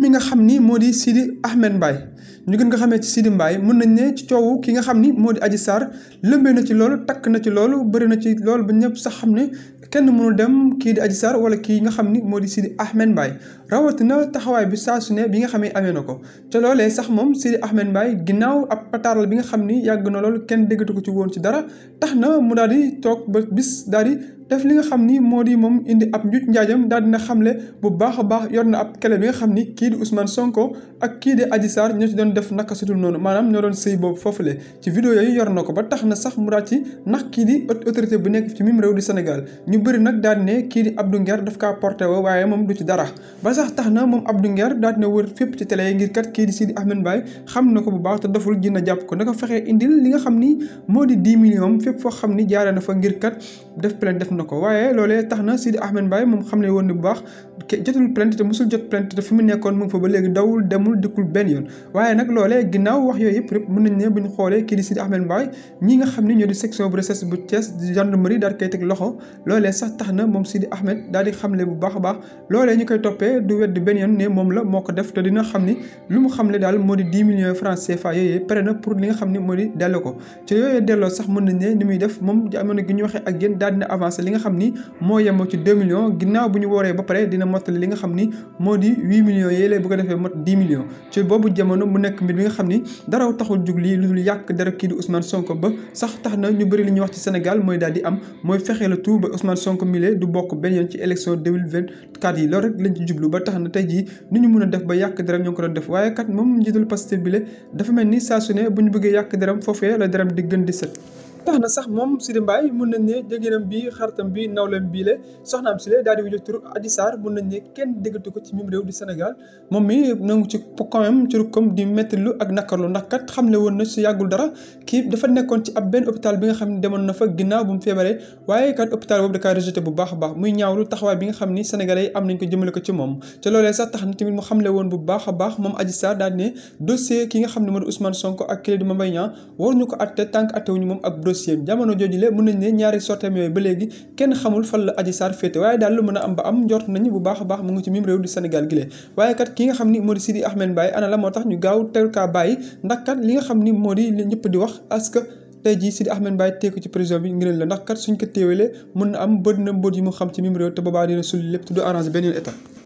mi nga xam ni moo di Sidi Ahmed Mbaye ñu gën nga xamee ci Sidi Mbaye mën nañ ne ci coowu ki nga xam ni moo di Adji Sarr lëmbee na ci loolu takk na ci loolu bëri na ci lool ba ñëpp sax xam ne kenn mënul dem kii di Adji Sarr wala kii nga xam ni moo di Sidi Ahmed Mbaye rawatina taxawaay bi saa su ne bi nga xamee amee na ko te loolee sax moom Sidi Ahmed Mbaye ginnaaw ab pataaral bi nga xam ni yàgg na loolu kenn déggatu ko ci woon ci dara tax na mu daal di toog ba bis daal def li nga xam ni moo di moom indi ab njuj njaajam daal dina xamle bu baax a baax yor na ab kele bi nga xam ni kii di Ousmane Sonko ak kii di Adji Sarr ñoo ci doon def naka sutul noonu maanaam ñoo doon sëy boobu foofule ci vidéo yooyu yor na ko ba tax na sax mu daal ci nax kii di autorité bu nekk ci mim réew di Sénégal ñu bëri nag daal ne kii di Abdou Nguer daf kaa porté wo waaye moom du ci dara ba sax tax na moom Abdou Nguer daal dina wër fépp ci tele yi ngir kat kii di Sidi Ahmed Mbaye xam bu baax te doful gën jàpp ko na ko fexee li nga xam ni moo di 10 millions fépp foo xam ni jaaree na fa ngir kat def plainte def na ko waaye loolee tax na Sidi Ahmed Mbaye moom xam ne woon ni bu baax jotul plainte te mosul jot plainte te fi mu nekkoon mu ngi fa ba léegi dawul demul dikkul benn yoon waaye nag loolee ginnaaw wax yooyu yëpp yëpp mën nañ xoolee kii ne ñoo di section bu recherche bu Thiès tax na moom Sidi Ahmed daal di xamle bu baax a baax loolee koy toppee du weddi benn yoon ne moom la moo ko def te dina xam ni lu mu xamle daal moo di dix millions francs xam ne moo di delloo ko ci yooyu delloo muy def moom jamono gi ñu waxee ak yéen daal dina avancé li nga xam ni moo yemoo ci 2 millions ginnaaw bu ñu wooree ba pare dina mottali li nga xam ni moo di 8 millions yéeg bu ko defee mot 10 millions ci boobu jamono mu nekk mbir bi nga xam ni dara taxul jug lii lu dul yàq dara kii di Ousmane Sonko ba sax tax na ñu bëri li ñuy wax ci Sénégal mooy daal di am mooy fexe la tout ba Ousmane Sonko milé du bokk benn yoon ci élection 2024 yi loolu rek lañ ci jublu ba tax na tey jii ni ñu mun a def ba yàq dara ñoo ko doon def waaye kat moom njiitul Pastef bi dafa mel ni saa su bu ñu bëggee yàq deram foofee la deram di gën di set tax na sax moom Sidi mun nañ ne jégéenam bi xaritam bi nawleem bii la soxnaam si la daal di wujo tur mun nañ ne kenn déggatu ko ci moom di métti ak nakarlu ndax kat xamle woon na si yàggul dara kii dafa nekkoon ci ab benn hôpital bi nga xam ne demoon na fa ginnaaw bu mu feebaree waaye kat hôpital boobu da kaa rejeté bu baax a baax muy ñaawlu taxawaay bi nga xam ni Sénégalais am nañ ko jëmale ko ci moom te loolee sax tax na a dossier bi jamono jooju mën nañ ne ñaari sotteem yooyu ba léegi kenn xamul fan la Adji féete waaye daal lu mën a am ba am njort nañu bu baax a baax mu ngi ci mim réew di Sénégal gi lee waaye kat ki nga xam ni moo di Sidi Ahmed Mbaye ana moo tax ñu gaaw teel kaa bàyyi ndax kat li nga xam ni moo di ñëpp di wax parce tey jii Sidi Ahmed Mbaye teeku ci prison bi ngir la ndax kat suñ ko téewalee mën na am bët na mbóot yi mu xam ci mim te boobaa dina sulli